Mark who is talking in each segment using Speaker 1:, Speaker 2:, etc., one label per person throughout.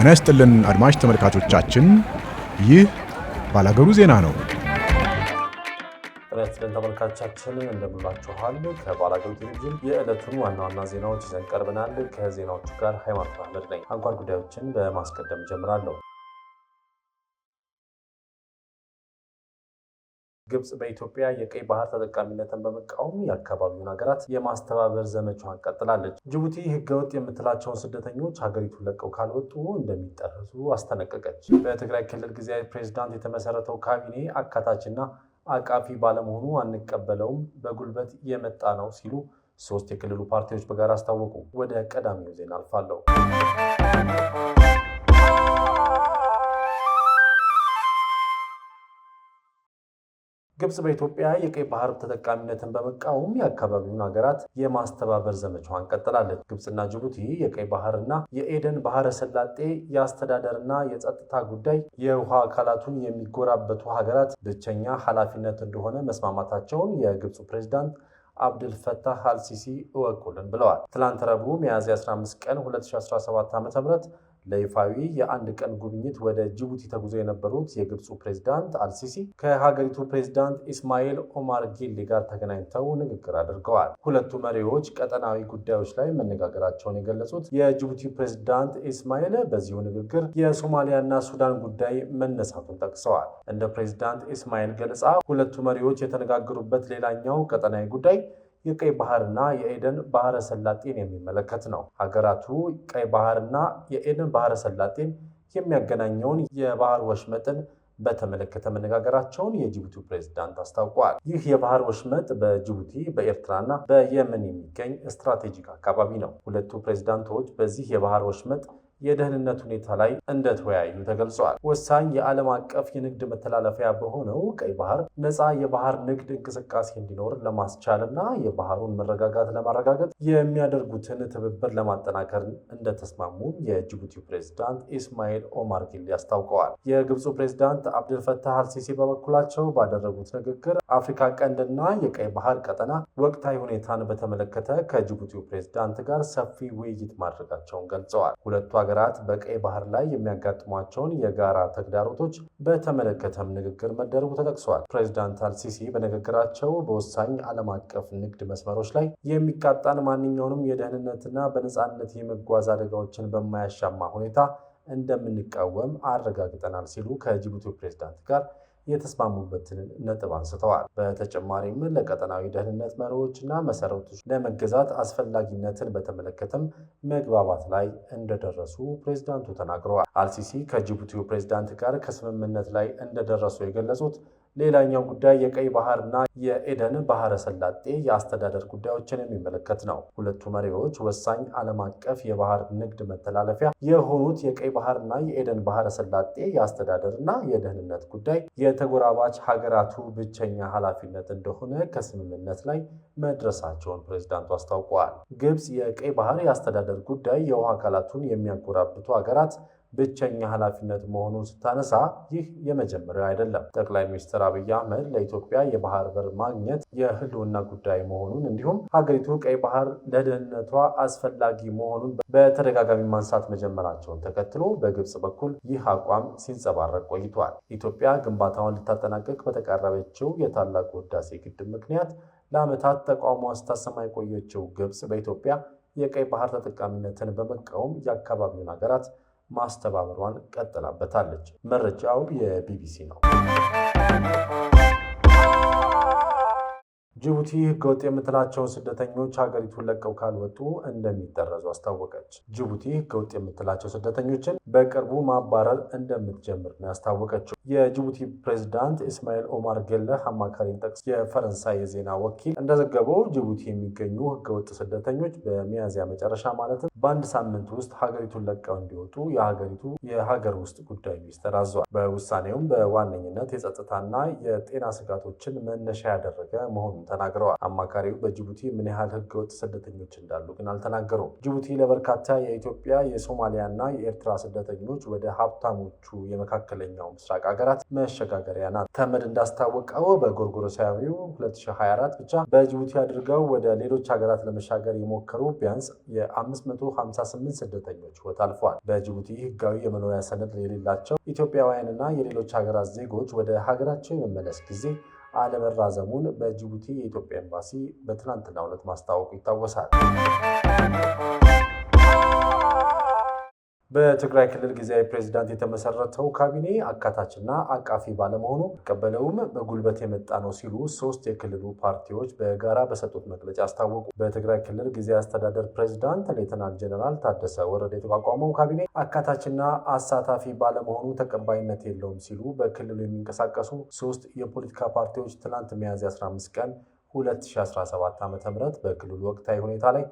Speaker 1: ጤና ይስጥልን አድማጭ ተመልካቾቻችን፣ ይህ ባላገሩ ዜና ነው።
Speaker 2: ጤና ይስጥልን ተመልካቾቻችን፣ እንደምንላችኋል። ከባላገሩ ቴሌቪዥን የዕለቱን ዋና ዋና ዜናዎች ይዘን ቀርበናል። ከዜናዎቹ ጋር ሃይማኖት አህመድ ነኝ። አንኳር ጉዳዮችን በማስቀደም ጀምራለሁ። ግብጽ በኢትዮጵያ የቀይ ባህር ተጠቃሚነትን በመቃወም የአካባቢውን ሀገራት የማስተባበር ዘመቻዋን ቀጥላለች። ጅቡቲ ህገወጥ የምትላቸውን ስደተኞች ሀገሪቱን ለቀው ካልወጡ እንደሚጠርሱ አስጠነቀቀች። በትግራይ ክልል ጊዜያዊ ፕሬዝዳንት የተመሰረተው ካቢኔ አካታችና አቃፊ ባለመሆኑ አንቀበለውም፣ በጉልበት የመጣ ነው ሲሉ ሶስት የክልሉ ፓርቲዎች በጋራ አስታወቁ። ወደ ቀዳሚው ዜና አልፋለሁ። ግብጽ በኢትዮጵያ የቀይ ባህር ተጠቃሚነትን በመቃወም የአካባቢውን ሀገራት የማስተባበር ዘመቻዋን ቀጥላለች። ግብጽና ጅቡቲ የቀይ ባህርና የኤደን ባህረ ሰላጤ የአስተዳደርና የጸጥታ ጉዳይ የውሃ አካላቱን የሚጎራበቱ ሀገራት ብቸኛ ኃላፊነት እንደሆነ መስማማታቸውን የግብፁ ፕሬዚዳንት አብድልፈታህ አልሲሲ እወቁልን ብለዋል። ትላንት ረቡዕ ሚያዝያ 15 ቀን 2017 ዓ.ም ለይፋዊ የአንድ ቀን ጉብኝት ወደ ጅቡቲ ተጉዞ የነበሩት የግብፁ ፕሬዚዳንት አልሲሲ ከሀገሪቱ ፕሬዚዳንት ኢስማኤል ኦማር ጊሌ ጋር ተገናኝተው ንግግር አድርገዋል። ሁለቱ መሪዎች ቀጠናዊ ጉዳዮች ላይ መነጋገራቸውን የገለጹት የጅቡቲ ፕሬዚዳንት ኢስማኤል በዚሁ ንግግር የሶማሊያና ሱዳን ጉዳይ መነሳቱን ጠቅሰዋል። እንደ ፕሬዚዳንት ኢስማኤል ገለጻ ሁለቱ መሪዎች የተነጋገሩበት ሌላኛው ቀጠናዊ ጉዳይ የቀይ ባህርና የኤደን ባህረ ሰላጤን የሚመለከት ነው። ሀገራቱ ቀይ ባህርና የኤደን ባህረ ሰላጤን የሚያገናኘውን የባህር ወሽመጥን በተመለከተ መነጋገራቸውን የጅቡቲው ፕሬዝዳንት አስታውቋል። ይህ የባህር ወሽመጥ በጅቡቲ በኤርትራና በየመን የሚገኝ ስትራቴጂክ አካባቢ ነው። ሁለቱ ፕሬዝዳንቶች በዚህ የባህር ወሽመጥ የደህንነት ሁኔታ ላይ እንደተወያዩ ተገልጿል። ወሳኝ የዓለም አቀፍ የንግድ መተላለፊያ በሆነው ቀይ ባህር ነፃ የባህር ንግድ እንቅስቃሴ እንዲኖር ለማስቻል እና የባህሩን መረጋጋት ለማረጋገጥ የሚያደርጉትን ትብብር ለማጠናከር እንደተስማሙ የጅቡቲው ፕሬዝዳንት ኢስማኤል ኦማር ጊሌ አስታውቀዋል። የግብፁ ፕሬዝዳንት አብደልፈታህ አልሲሲ በበኩላቸው ባደረጉት ንግግር አፍሪካ ቀንድና የቀይ ባህር ቀጠና ወቅታዊ ሁኔታን በተመለከተ ከጅቡቲው ፕሬዝዳንት ጋር ሰፊ ውይይት ማድረጋቸውን ገልጸዋል። ሁለቱ ሀገራት በቀይ ባህር ላይ የሚያጋጥሟቸውን የጋራ ተግዳሮቶች በተመለከተም ንግግር መደረጉ ተጠቅሷል። ፕሬዚዳንት አልሲሲ በንግግራቸው በወሳኝ ዓለም አቀፍ ንግድ መስመሮች ላይ የሚቃጣን ማንኛውንም የደህንነትና በነፃነት የመጓዝ አደጋዎችን በማያሻማ ሁኔታ እንደምንቃወም አረጋግጠናል ሲሉ ከጅቡቲው ፕሬዚዳንት ጋር የተስማሙበትን ነጥብ አንስተዋል። በተጨማሪም ለቀጠናዊ ደህንነት መሪዎች እና መሰረቶች ለመገዛት አስፈላጊነትን በተመለከተም መግባባት ላይ እንደደረሱ ፕሬዚዳንቱ ተናግረዋል። አልሲሲ ከጅቡቲው ፕሬዚዳንት ጋር ከስምምነት ላይ እንደደረሱ የገለጹት ሌላኛው ጉዳይ የቀይ ባህርና የኤደን ባህረ ሰላጤ የአስተዳደር ጉዳዮችን የሚመለከት ነው። ሁለቱ መሪዎች ወሳኝ ዓለም አቀፍ የባህር ንግድ መተላለፊያ የሆኑት የቀይ ባህርና የኤደን ባህረ ሰላጤ የአስተዳደርና የደህንነት ጉዳይ የተጎራባች ሀገራቱ ብቸኛ ኃላፊነት እንደሆነ ከስምምነት ላይ መድረሳቸውን ፕሬዝዳንቱ አስታውቀዋል። ግብፅ የቀይ ባህር የአስተዳደር ጉዳይ የውሃ አካላቱን የሚያጎራብቱ ሀገራት ብቸኛ ኃላፊነት መሆኑን ስታነሳ ይህ የመጀመሪያው አይደለም። ጠቅላይ ሚኒስትር አብይ አህመድ ለኢትዮጵያ የባህር በር ማግኘት የህልውና ጉዳይ መሆኑን እንዲሁም ሀገሪቱ ቀይ ባህር ለደህንነቷ አስፈላጊ መሆኑን በተደጋጋሚ ማንሳት መጀመራቸውን ተከትሎ በግብጽ በኩል ይህ አቋም ሲንጸባረቅ ቆይቷል። ኢትዮጵያ ግንባታውን ልታጠናቀቅ በተቃረበችው የታላቁ ህዳሴ ግድብ ምክንያት ለዓመታት ተቃውሞ ስታሰማ የቆየችው ግብጽ በኢትዮጵያ የቀይ ባህር ተጠቃሚነትን በመቃወም የአካባቢውን ሀገራት ማስተባበሯን ቀጥላበታለች። መረጃው የቢቢሲ ነው። ጅቡቲ ህገወጥ የምትላቸውን ስደተኞች ሀገሪቱን ለቀው ካልወጡ እንደሚጠረዙ አስታወቀች። ጅቡቲ ህገወጥ የምትላቸው ስደተኞችን በቅርቡ ማባረር እንደምትጀምር ነው ያስታወቀችው። የጅቡቲ ፕሬዝዳንት ኢስማኤል ኦማር ገለህ አማካሪን ጠቅስ የፈረንሳይ የዜና ወኪል እንደዘገበው ጅቡቲ የሚገኙ ህገወጥ ስደተኞች በሚያዝያ መጨረሻ ማለትም በአንድ ሳምንት ውስጥ ሀገሪቱን ለቀው እንዲወጡ የሀገሪቱ የሀገር ውስጥ ጉዳይ ሚኒስትር አዟል። በውሳኔውም በዋነኝነት የጸጥታና የጤና ስጋቶችን መነሻ ያደረገ መሆኑን ተናግረዋል። አማካሪው በጅቡቲ ምን ያህል ህገወጥ ስደተኞች እንዳሉ ግን አልተናገሩም። ጅቡቲ ለበርካታ የኢትዮጵያ የሶማሊያና የኤርትራ ስደተኞች ወደ ሀብታሞቹ የመካከለኛው ምስራቅ ሀገራት መሸጋገሪያ ናት። ተመድ እንዳስታወቀው በጎርጎሮሳዊው 2024 ብቻ በጅቡቲ አድርገው ወደ ሌሎች ሀገራት ለመሻገር የሞከሩ ቢያንስ የ558 ስደተኞች ወት አልፏል። በጅቡቲ ህጋዊ የመኖሪያ ሰነድ የሌላቸው ኢትዮጵያውያንና የሌሎች ሀገራት ዜጎች ወደ ሀገራቸው የመመለስ ጊዜ አለመራዘሙን በጅቡቲ የኢትዮጵያ ኤምባሲ በትናንትናው ዕለት ማስታወቁ ይታወሳል። በትግራይ ክልል ጊዜያዊ ፕሬዚዳንት የተመሰረተው ካቢኔ አካታችና አቃፊ ባለመሆኑ ቀበለውም በጉልበት የመጣ ነው ሲሉ ሶስት የክልሉ ፓርቲዎች በጋራ በሰጡት መግለጫ አስታወቁ። በትግራይ ክልል ጊዜያዊ አስተዳደር ፕሬዚዳንት ሌተናንት ጀነራል ታደሰ ወረደ የተቋቋመው ካቢኔ አካታችና አሳታፊ ባለመሆኑ ተቀባይነት የለውም ሲሉ በክልሉ የሚንቀሳቀሱ ሶስት የፖለቲካ ፓርቲዎች ትናንት ሚያዝያ 15 ቀን 2017 ዓ.ም በክልሉ ወቅታዊ ሁኔታ ላይ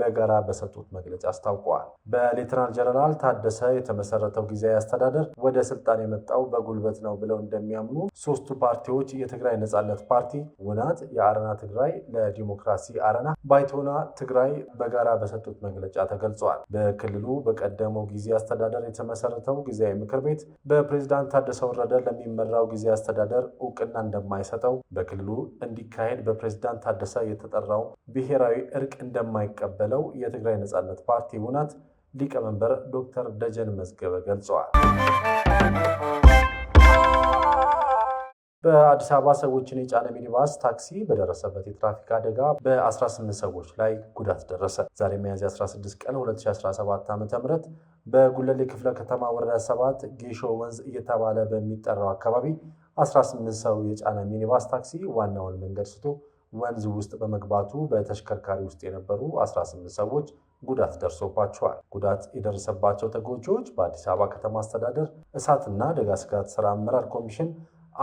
Speaker 2: በጋራ በሰጡት መግለጫ አስታውቀዋል። በሌተናል ጀነራል ታደሰ የተመሰረተው ጊዜያዊ አስተዳደር ወደ ስልጣን የመጣው በጉልበት ነው ብለው እንደሚያምኑ ሶስቱ ፓርቲዎች የትግራይ ነጻነት ፓርቲ ውናት፣ የአረና ትግራይ ለዲሞክራሲ አረና፣ ባይቶና ትግራይ በጋራ በሰጡት መግለጫ ተገልጿል። በክልሉ በቀደመው ጊዜ አስተዳደር የተመሰረተው ጊዜያዊ ምክር ቤት በፕሬዝዳንት ታደሰ ወረደ ለሚመራው ጊዜ አስተዳደር እውቅና እንደማይሰጠው በክልሉ እንዲካሄድ በፕሬዝዳንት ታደሰ የተጠራው ብሔራዊ እርቅ እንደማይቀበል የተቀበለው የትግራይ ነፃነት ፓርቲ እውነት ሊቀመንበር ዶክተር ደጀን መዝገበ ገልጸዋል። በአዲስ አበባ ሰዎችን የጫነ ሚኒባስ ታክሲ በደረሰበት የትራፊክ አደጋ በ18 ሰዎች ላይ ጉዳት ደረሰ። ዛሬ ሚያዝያ 16 ቀን 2017 ዓ ም በጉለሌ ክፍለ ከተማ ወረዳ 7 ጌሾ ወንዝ እየተባለ በሚጠራው አካባቢ 18 ሰው የጫነ ሚኒባስ ታክሲ ዋናውን መንገድ ስቶ ወንዝ ውስጥ በመግባቱ በተሽከርካሪ ውስጥ የነበሩ 18 ሰዎች ጉዳት ደርሶባቸዋል። ጉዳት የደረሰባቸው ተጎጂዎች በአዲስ አበባ ከተማ አስተዳደር እሳትና አደጋ ስጋት ስራ አመራር ኮሚሽን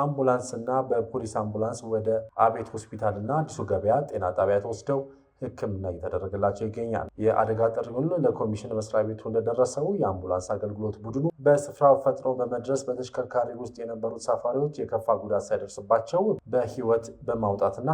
Speaker 2: አምቡላንስ እና በፖሊስ አምቡላንስ ወደ አቤት ሆስፒታል እና አዲሱ ገበያ ጤና ጣቢያ ተወስደው ሕክምና እየተደረገላቸው ይገኛል። የአደጋ ጥሪውን ለኮሚሽን መስሪያ ቤቱ እንደደረሰው የአምቡላንስ አገልግሎት ቡድኑ በስፍራው ፈጥኖ በመድረስ በተሽከርካሪ ውስጥ የነበሩ ተሳፋሪዎች የከፋ ጉዳት ሳይደርስባቸው በሕይወት በማውጣትና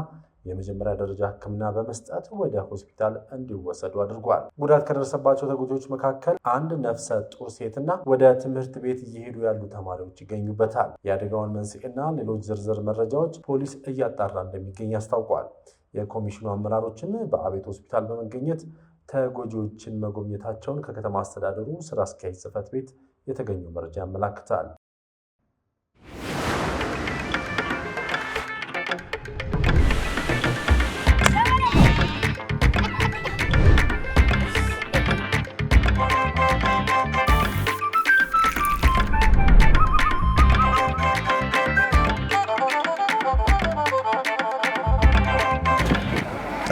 Speaker 2: የመጀመሪያ ደረጃ ሕክምና በመስጠት ወደ ሆስፒታል እንዲወሰዱ አድርጓል። ጉዳት ከደረሰባቸው ተጎጂዎች መካከል አንድ ነፍሰ ጡር ሴትና ወደ ትምህርት ቤት እየሄዱ ያሉ ተማሪዎች ይገኙበታል። የአደጋውን መንስኤና ሌሎች ዝርዝር መረጃዎች ፖሊስ እያጣራ እንደሚገኝ አስታውቋል። የኮሚሽኑ አመራሮችም በአቤት ሆስፒታል በመገኘት ተጎጂዎችን መጎብኘታቸውን ከከተማ አስተዳደሩ ስራ አስኪያጅ ጽህፈት ቤት የተገኘው መረጃ ያመላክታል።